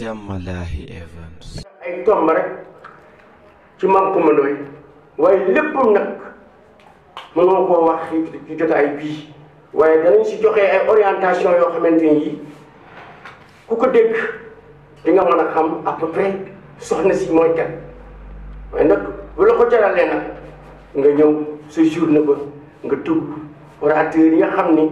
Diamalahi Evans. ay tomb rek ci mankumandoo yi waaye lépp nag mënoo koo wax ci ay bii waaye danañ si joxe ay orientation yoo xamante ni ku ko dégg di nga a xam à peu soxna si mooy kat waaye nag bu la ko jaralee nag nga ñëw sa journée ba nga tudd orateur yi nga xam ni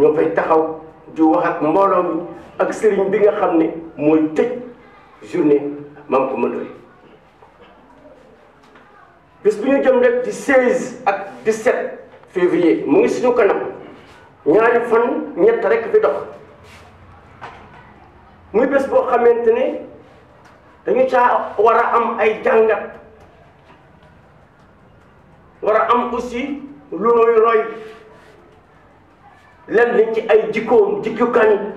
ñoo fay taxaw. di wax ak mbooloo mi ak sëriñ bi nga xam ni mooy tëj journée Mame Coumba Ndoye bés bu ñu jëm rek ci 16 ak 17 février mu ngi suñu kanam ñaari fan ñett rek fi dox muy bés boo xamante ne dañu ca wara am ay jàngat wara am aussi lu nuy roy lenn ci ay jikkoom jikku kañ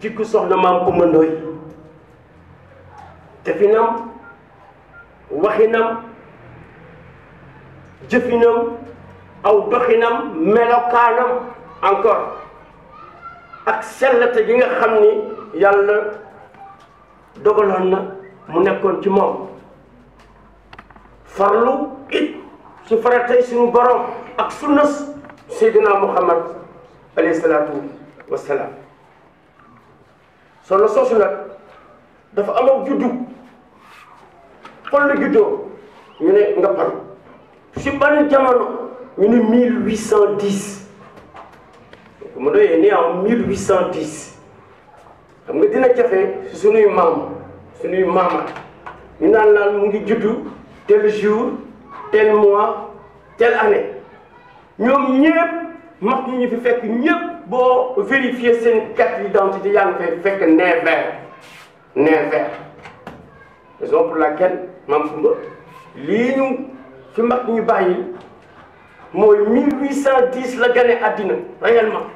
jikku soxna maam Kumba Ndooy definam waxinam jëfinam aw doxinam melokaanam encore ak sellate gi nga xam ni yàlla dogaloon mu nekkoon ci moom farlu it su faratay suñu borom ak sunnas Seydina Muhammad alayhi wa salam. soxna sosu nak dafa am ak juddu un goudou. ñu ne nga ban jamono ñu ne 1810 mu doyee en 1810 xam nga dina ñu mu ngi tel jour tel mois telle année ñom ñepp mag ñu fi fekk ñëpp boo vérifier seen carte d'identité yaa ngi fay fekk nez vert nez vert raison pour laquelle maam Koumba lii ñu fi mag ñu bàyyi mooy 1810 la gane àddina réellement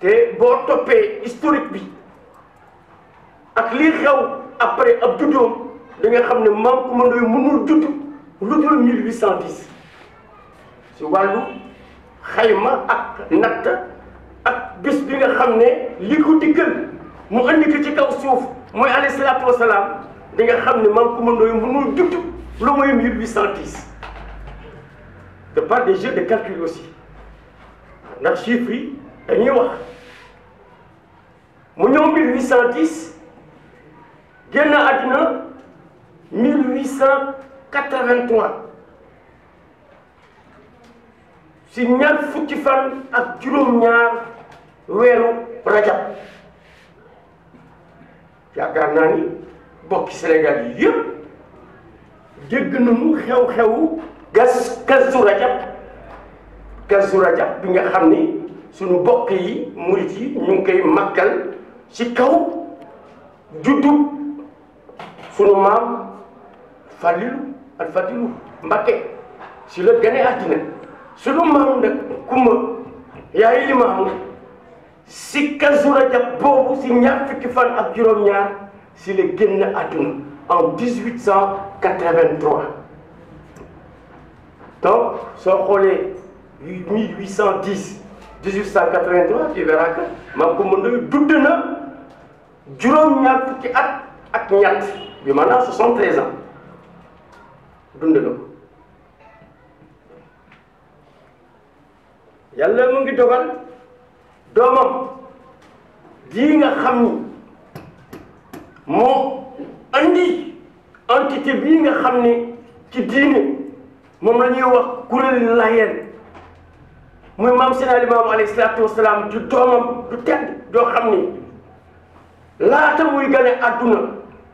te boo toppee historique bi ak li xew après ab juddoom da nga xam ne maam Koumba Ndoye mënul judd lu dul 1810 si wàllu xayma ak natt ak bis bi nga xam ne li ko diggal mu andi ko ci kaw suuf mooy alayhi salaatu wasalaam di nga xam ne maam Coumba Ndoye mënul judd lu mooy 1810 de par des jeux de calcul aussi ndax chiffres yi dañuy wax mu ñëw 1810 génn àddina 1883. si ñaar fukki fan ak juróom-ñaar weeru rajab yaakaar naa ni bokki Sénégal yi yëpp dégg nañu xew-xewu gas kazu rajab kazu rajab bi nga xam ni suñu bokk yi murit yi ñu ngi koy màggal ci kaw juddu suñu maam Falilu al Fadilu Mbakke si la gane àddina Selon maam nag kumba yaay limaamu si kazu rajab si ñaar fukki fan ak juróom-ñaar si le Genne àdduna en 1883 donc soo xoolee 1810 1883 tu verras que maam kumba ndoy dudd de juróom-ñaar fukki at ak il bi maintenant 73 ans Dundelo. de yàlla mu ngi dogal doomam ji nga xam ni moo andi entité bii nga xam ni ci diine moom la ñuy wax kuréel layeen muy maam seen alimaam alayhi salaatu wasalaam du doomam du tedd doo xam ni laata muy gane àdduna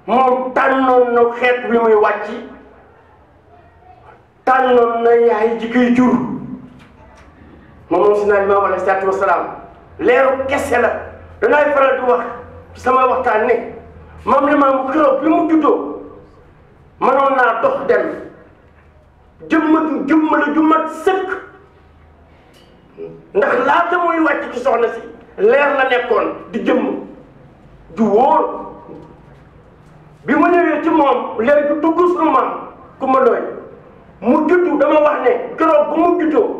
moom tànnoon na xeet bi muy wàcc tànnoon na yaay ji koy jur moom moom si naan imaam alayhi salaatu wasalaam leeru kese la danaay faral di wax sama waxtaan ne maam li maam keroog bi mu juddoo mënoon naa tox dem jëmm jëmm la ju mat sëkk ndax laata muy wàcc soxna si leer la nekkoon di jëmm ju bi ma ñëwee ci moom leer ju dugg sunu maam ku ma doy mu juddu dama wax ne keroog bu mu juddoo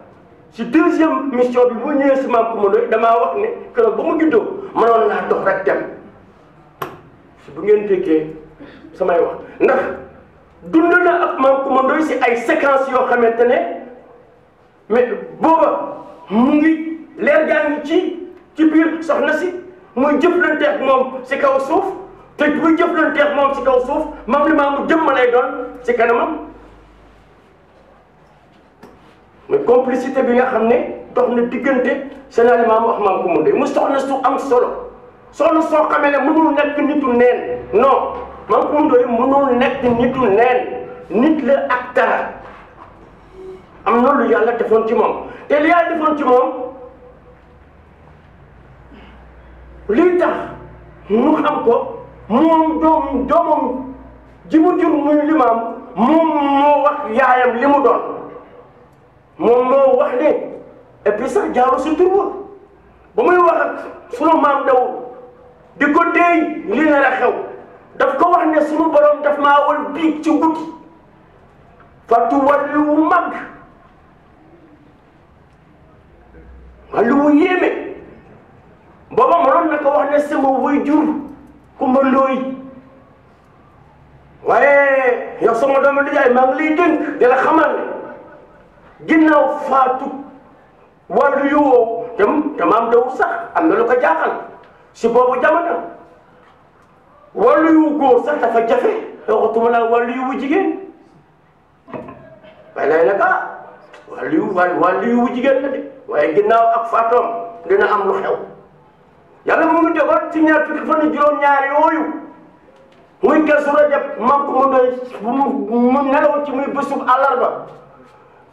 si deuxième mission bi je suis si maam Coumba Ndoye damaa wax ne que ba mu juddoo mënoon naa dox rek dem si bu ngeen déggee samay wax ndax dund na si ay séquence yoo mais booba mu ngi leer gaa ngi ci ci biir soxna si muy jëflanteeg moom si kaw suuf te si kaw suuf mais complicité bi nga xam ne dox na diggante Sénégal maam wax maam ku mu dee mu soxna su am solo soxna soo xamee ne mënul nekk nitu neen non maam ku mu dee mënul nekk nitu neen nit la ak dara am na lu yàlla defoon ci moom te li yàlla defoon ci moom lii tax mu xam ko moom doom doomam ji mu jur muy limaam moom wax yaayam li mu doon moom moo wax ne et puis sax jaaru si tur ba ba muy wax ak sunu maam daw di ko déey li nar a xew daf ko wax ne sunu borom daf maa wal biig ci guddi fàttu wàllu wu mag wàllu wu yéeme booba mënoon na ko wax ne sama way jur ku ma looy waaye yow sama doomu nijaay maa ngi lay dénk di la xamal ne ginnaaw faatu wàllu yuwoo te te maam dawul sax am na lu ko jaaxal si boobu jamono wàllu yu góor sax jafe waxatuma laa wàllu yu wu jigéen waaye lay nag ah wàllu yu wàllu yu wu jigéen la de waaye ginnaaw ak faatoom dina am lu xew yàlla mu ngi dogal ci ñaar fukki fan juróom-ñaar yooyu muy Kazu Rajab ma ko mu doy mu nelaw ci muy bésub àllarba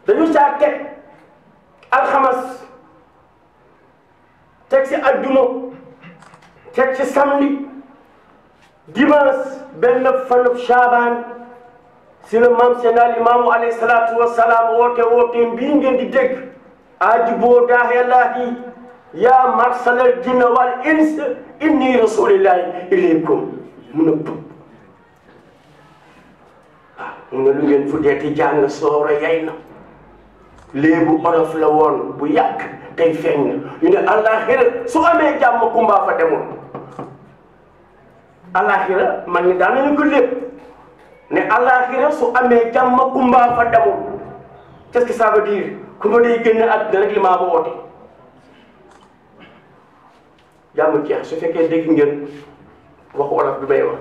dañu caa teg alxames teg ci ajjuma teg ci samedi dimanche benn fanub Shaabaan si le mam seen al imaamu alayhi salaatu wa salaam woote wooteem bii ngeen di dégg ajiboo daaxelahi yaa marsalal jinna wal ins inni rasulillahi ilaykum mun a tub mu ne lu ngeen fu deeti jàng sooro yay na léebu olof la woon bu yàgg tey feeñ na ñu ne àllaaxira su amee jàmm kumbaa fa demoon àllaaxira man ni daan nañu ne àllaaxira su amee jàmm kumbaa fa demoon quest que ça veut dire kumba day génn àddina rek li maa jàmm jeex su fekkee dégg ngeen waxu olof bi may wax